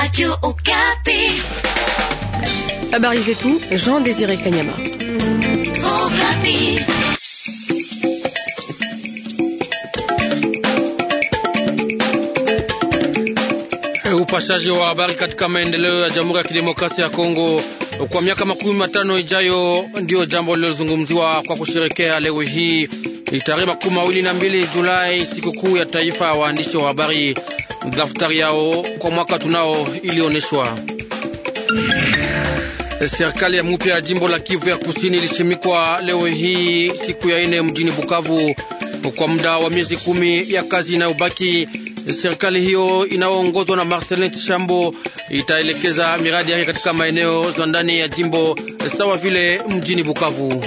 Radio Okapi. Habari zetu Jean Désiré Kanyama. Okapi. Eh, upashaji wa habari katika maendeleo ya Jamhuri ya Kidemokrasia ya Kongo kwa miaka makumi matano ijayo ndiyo jambo lilozungumziwa kwa kusherekea leo hii tarehe makumi mawili na mbili Julai, sikukuu ya taifa ya waandishi wa habari daftari yao kwa mwaka tunao ilioneshwa. Serikali ya mupya ya jimbo la Kivu ya kusini ilishimikwa leo hii siku ya ine mjini Bukavu kwa muda wa miezi kumi ya kazi inayobaki. Serikali hiyo inayoongozwa na Marcelin Tishambo itaelekeza miradi yake katika maeneo za ndani ya jimbo sawa vile mjini Bukavu.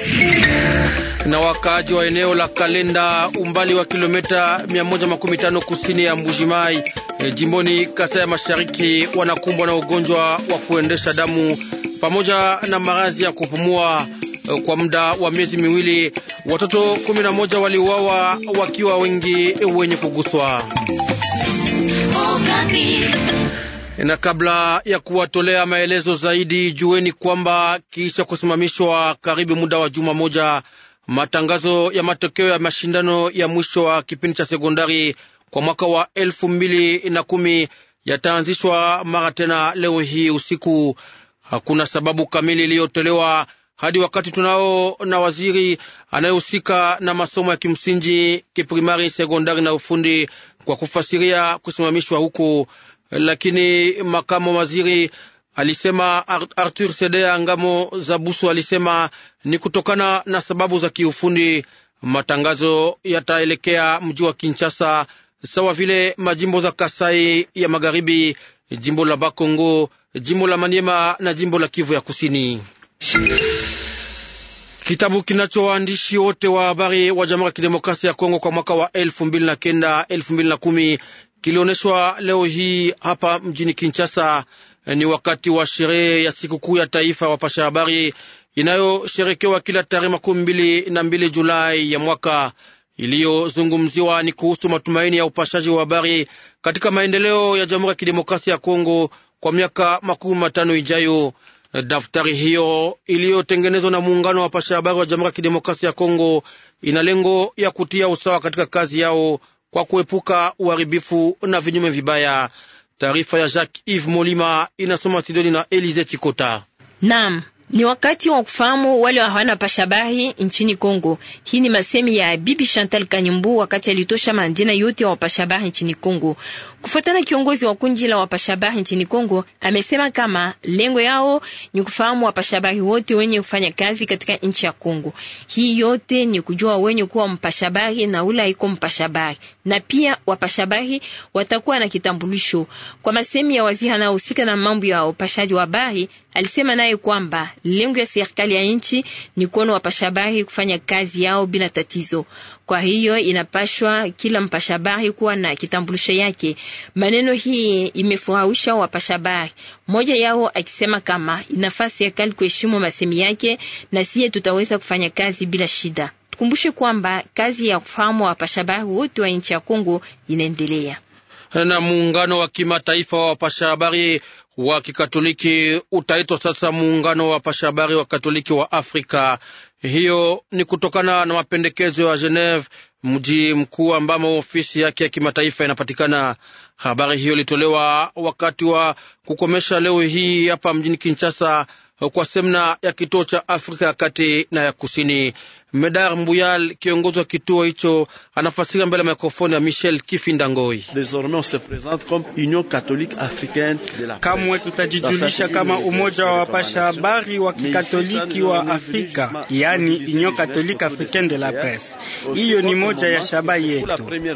Na wakaaji wa eneo la Kalenda, umbali wa kilometa 115 kusini ya Mbujimai, E, jimboni kasa ya Mashariki wanakumbwa na ugonjwa wa kuendesha damu pamoja na maradhi ya kupumua. E, kwa muda wa miezi miwili watoto kumi na moja waliuawa wakiwa wengi wenye kuguswa. Na kabla ya kuwatolea maelezo zaidi, jueni kwamba kisha kusimamishwa karibu muda wa juma moja matangazo ya matokeo ya mashindano ya mwisho wa kipindi cha sekondari kwa mwaka wa elfu mbili na kumi yataanzishwa mara tena leo hii usiku. Hakuna sababu kamili iliyotolewa hadi wakati tunao na waziri anayehusika na masomo ya kimsingi, kiprimari, sekondari na ufundi kwa kufasiria kusimamishwa huku lakini makamu waziri alisema Arthur Sedea Ngamo Zabusu alisema ni kutokana na sababu za kiufundi. Matangazo yataelekea mji wa Kinshasa sawa vile majimbo za Kasai ya Magharibi, jimbo la Bakongo, jimbo la manyema na jimbo la Kivu ya Kusini. Kitabu kinacho waandishi wote wa habari wa Jamhuri ya Kidemokrasia ya Kongo kwa mwaka wa na kumi kilioneshwa leo hii hapa mjini Kinshasa. Ni wakati wa sherehe ya sikukuu ya taifa wapasha habari inayosherekewa kila tarehe makumi mbili na mbili Julai ya mwaka iliyozungumziwa ni kuhusu matumaini ya upashaji wa habari katika maendeleo ya Jamhuri ya Kidemokrasia ya Kongo kwa miaka makumi matano ijayo. Daftari hiyo iliyotengenezwa na muungano wa pasha habari wa Jamhuri ya Kidemokrasia ya Kongo ina lengo ya kutia usawa katika kazi yao kwa kuepuka uharibifu na vinyume vibaya. Taarifa ya Jacques Yves Molima inasoma Sidoni na Elize Chikota. Naam, ni wakati wa kufahamu wale wa hawana pashabahi nchini Kongo. Hii ni masemi ya Bibi Chantal Kanyumbu wakati alitosha majina yote ya wapashabahi nchini Kongo. Kufuatana kiongozi wa kundi la wapashabahi nchini Kongo, amesema kama lengo yao ni kufahamu wapashabahi wote wenye kufanya kazi katika nchi ya Kongo. Hii yote ni kujua wenye kuwa mpashabahi na ule aiko mpashabahi. Na pia wapashabahi watakuwa na kitambulisho. Kwa masemi ya waziri anayehusika na mambo ya upashaji wa habari, Alisema naye kwamba lengo ya serikali ya nchi ni kuona wapashabari kufanya kazi yao bila tatizo. Kwa hiyo inapashwa kila mpashabari kuwa na kitambulisho yake. Maneno hii imefurahisha wapashabari, mmoja yao akisema kama inafaa serikali kuheshimu masemi yake, na siye tutaweza kufanya kazi bila shida. Tukumbushe kwamba kazi ya kufahamu wapashabari wote wa nchi ya Kongo inaendelea na muungano wa kimataifa wa wapasha habari wa Kikatoliki utaitwa sasa muungano wa pashabari wa Katoliki wa Afrika. Hiyo ni kutokana na mapendekezo ya Geneve, mji mkuu ambamo ofisi yake ya kimataifa inapatikana. Habari hiyo ilitolewa wakati wa kukomesha leo hii hapa mjini Kinshasa kwa semna ya kituo cha Afrika ya kati na ya kusini. Medar Mbuyal, kiongozi wa kituo hicho, anafasiria mbele ya mikrofoni ya Michel Kifinda Kamwe tutajijulisha kama umoja wa wapasha habari wa kikatoliki wa Afrika, yani Union Catholique Africaine de la Presse. Hiyo ni moja ya shaba yetu,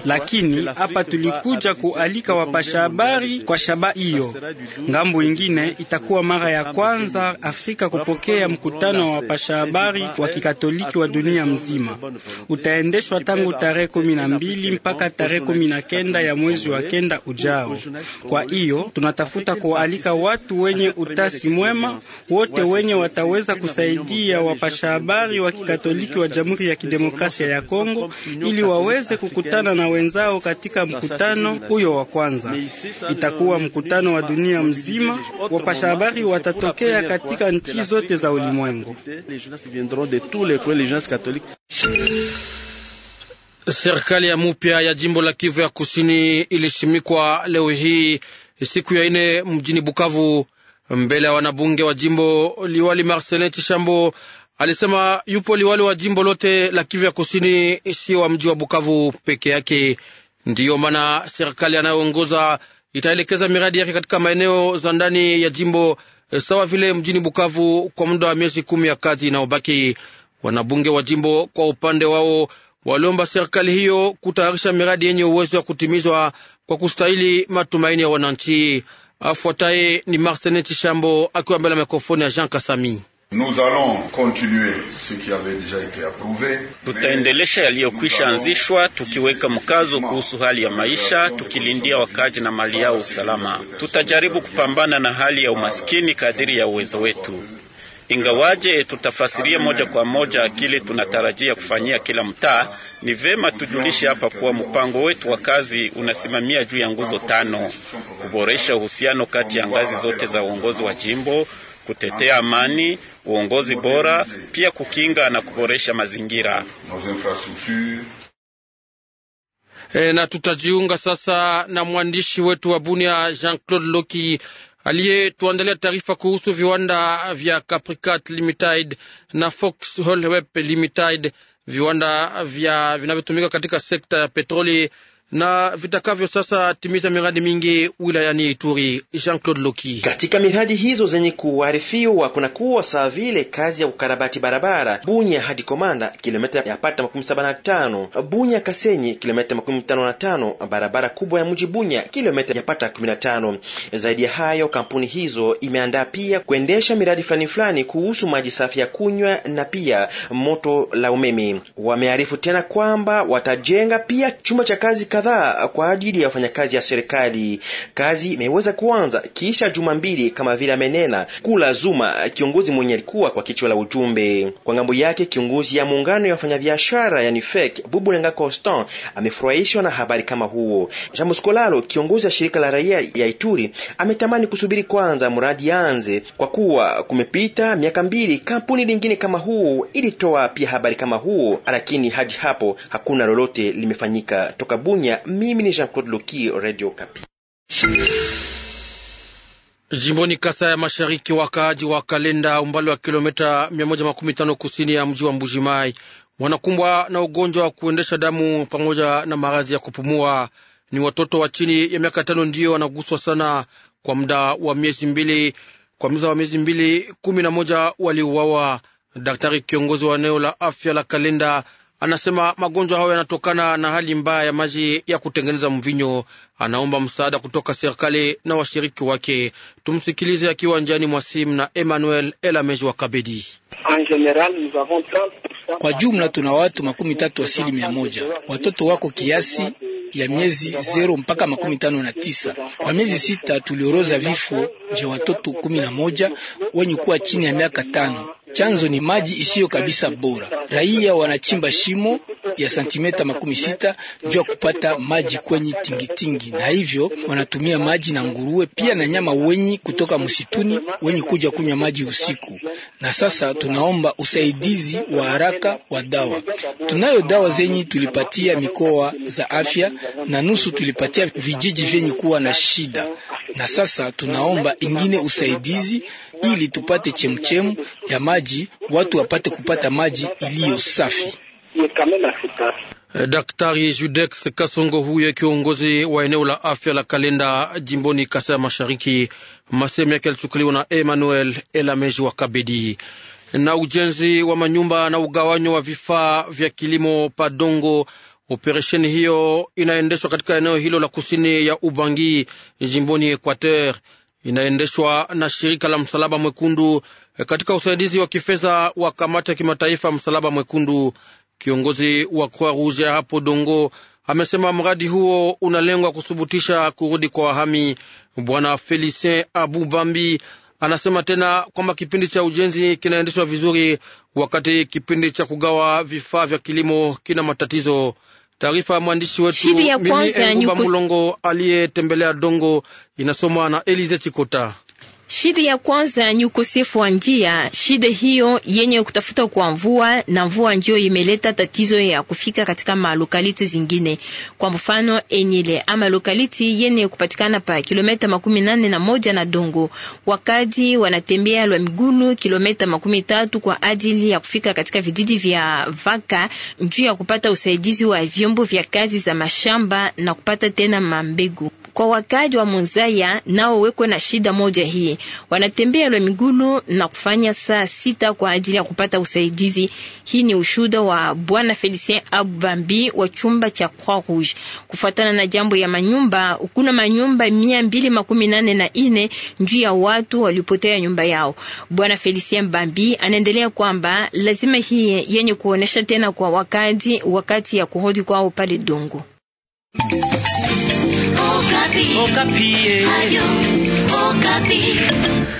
lakini hapa tulikuja kualika wapasha habari kwa shaba hiyo. Ngambo ingine itakuwa mara ya kwanza Afrika kupokea mkutano wa wapasha habari wa kikatoliki wa dunia dunia mzima. Utaendeshwa tangu tarehe kumi na mbili mpaka tarehe kumi na kenda ya mwezi wa kenda ujao. Kwa hiyo tunatafuta kualika watu wenye utasi mwema wote wenye wataweza kusaidia wapasha habari wa Kikatoliki wa Jamhuri ya Kidemokrasia ya Kongo ili waweze kukutana na wenzao katika mkutano huyo wa kwanza. Itakuwa mkutano wa dunia mzima, wapasha habari watatokea katika nchi zote za ulimwengu. Katoliki. Serikali ya mupya ya jimbo la Kivu ya kusini ilishimikwa leo hii siku ya ine mjini Bukavu, mbele ya wanabunge wa jimbo. Liwali Marcelin Chishambo alisema yupo liwali wa jimbo lote la Kivu ya kusini, sio wa mji wa Bukavu peke yake. Ndiyo maana serikali anayoongoza itaelekeza miradi yake katika maeneo za ndani ya jimbo sawa vile mjini Bukavu kwa muda wa miezi kumi ya kazi inayobaki. Wanabunge wa jimbo kwa upande wao waliomba serikali hiyo kutayarisha miradi yenye uwezo wa kutimizwa kwa kustahili matumaini ya wananchi. Afuataye ni marcene Chishambo akiwa mbele ya mikrofoni ya Jean Kasami. Tutaendelesha yaliyokwisha anzishwa, tukiweka mkazo kuhusu hali ya maisha, tukilindia wakaji na mali yao usalama. Tutajaribu kupambana na hali ya euh, umaskini kadiri ya uwezo wetu. Ingawaje tutafasiria moja kwa moja kile tunatarajia kufanyia kila mtaa, ni vema tujulishe hapa kuwa mpango wetu wa kazi unasimamia juu ya nguzo tano: kuboresha uhusiano kati ya ngazi zote za uongozi wa jimbo, kutetea amani, uongozi bora, pia kukinga na kuboresha mazingira. E, na tutajiunga sasa na mwandishi wetu wa Bunia Jean-Claude Loki aliyetuandalia taarifa kuhusu viwanda vya Capricat Limited na fox Hollweb Limited, viwanda vya vinavyotumika katika sekta ya petroli na vitakavyo sasa timiza miradi mingi wilayani Ituri. Jean Claude Loki: katika miradi hizo zenye kuharifiwa kuwa saa vile kazi ya kukarabati barabara Bunya hadi Komanda, kilomita yapata makumi saba na tano Bunya Kasenyi, kilomita makumi tano na tano barabara kubwa ya mji Bunya, kilomita yapata kumi na tano Zaidi ya hayo, kampuni hizo imeandaa pia kuendesha miradi fulani fulani kuhusu maji safi ya kunywa na pia moto la umeme. Wamearifu tena kwamba watajenga pia chumba cha kazi kadhaa kwa ajili ya wafanyakazi ya serikali. Kazi imeweza kuanza kisha juma mbili, kama vile amenena Kula Zuma, kiongozi mwenye alikuwa kwa kichwa la ujumbe. Kwa ngambo yake, kiongozi ya muungano ya wafanyabiashara yani FEC Bubulanga Constant amefurahishwa na habari kama huo. Jean Muscolalo, kiongozi wa shirika la raia ya Ituri, ametamani kusubiri kwanza mradi anze, kwa kuwa kumepita miaka mbili kampuni lingine kama huo ilitoa pia habari kama huo, lakini hadi hapo hakuna lolote limefanyika toka Bunya. Kenya. Mimi ni Jean Claude Loki, Radio Kapi. Jimboni Kasa ya Mashariki, wakaaji wa Kalenda, umbali wa kilomita 115 kusini ya mji wa Mbujimai, wanakumbwa na ugonjwa wa kuendesha damu pamoja na maradhi ya kupumua. Ni watoto wa chini ya miaka tano ndiyo wanaguswa sana. Kwa muda wa miezi mbili, kwa muda wa miezi mbili, kumi na moja waliuawa. Daktari kiongozi wa eneo la afya la Kalenda Anasema magonjwa hayo yanatokana na hali mbaya ya maji ya kutengeneza mvinyo. Anaomba msaada kutoka serikali na washiriki wake. Tumsikilize akiwa njiani mwa simu na Emmanuel Elameji wa Kabedi. Kwa jumla tuna watu makumi tatu asili mia moja watoto wako kiasi ya miezi zero mpaka makumi tano na tisa. Kwa miezi sita tulioroza vifo vya watoto kumi na moja wenye kuwa chini ya miaka tano chanzo ni maji isiyo kabisa bora. Raia wanachimba shimo ya santimeta makumi sita juu ya kupata maji kwenye tingitingi, na hivyo wanatumia maji na nguruwe pia na nyama wenyi kutoka msituni wenye kuja kunywa maji usiku. Na sasa tunaomba usaidizi wa haraka wa dawa. Tunayo dawa zenyi tulipatia mikoa za afya na nusu tulipatia vijiji vyenye kuwa na shida, na sasa tunaomba ingine usaidizi ili tupate chemchemu ya maji, watu wapate kupata maji iliyo safi. Daktari Judex Kasongo huye kiongozi wa eneo la afya la Kalenda jimboni Kasai ya Mashariki. Masehemu yake yalichukuliwa na Emmanuel Elameji wa Kabedi. Na ujenzi wa manyumba na ugawanyo wa vifaa vya kilimo Padongo, operesheni hiyo inaendeshwa katika eneo hilo la kusini ya Ubangi jimboni Equateur inaendeshwa na shirika la Msalaba Mwekundu eh, katika usaidizi wa kifedha wa kamati ya kimataifa Msalaba Mwekundu. Kiongozi wa Croix Rouge ya hapo Dongo amesema mradi huo unalengwa kuthubutisha kurudi kwa wahami. Bwana Felicien Abu Bambi anasema tena kwamba kipindi cha ujenzi kinaendeshwa vizuri, wakati kipindi cha kugawa vifaa vya kilimo kina matatizo. Taarifa ya mwandishi wetu mimi Engumba Mulongo aliyetembelea Dongo inasomwa na Elize Chikota. Shida ya kwanza ni ukosefu wa njia. Shida hiyo yenye kutafuta kwa mvua na mvua ndio imeleta tatizo ya kufika katika malokaliti zingine, kwa mfano Enyele ama lokaliti yenye kupatikana pa kilomita makumi nane na moja na Dongo, wakati wanatembea lwa migulu kilomita makumi tatu kwa ajili ya kufika katika vijiji vya Vaka njuu ya kupata usaidizi wa vyombo vya kazi za mashamba na kupata tena mambegu kwa wakaji wa Mozaya nao wekwe na shida moja hii, wanatembea lwa migulu na kufanya saa sita kwa ajili ya kupata usaidizi. Hii ni ushuda wa bwana Felicien Abambi wa chumba cha Croix Rouge. Kufuatana na jambo ya manyumba, kuna manyumba mia mbili makumi nane na ine njuu ya watu walipotea nyumba yao. Bwana Felicien Bambi anaendelea kwamba lazima hii yenye kuonesha tena kwa wakaji wakati ya kuhodi kwao pale Dungu. Okapi. Okapi.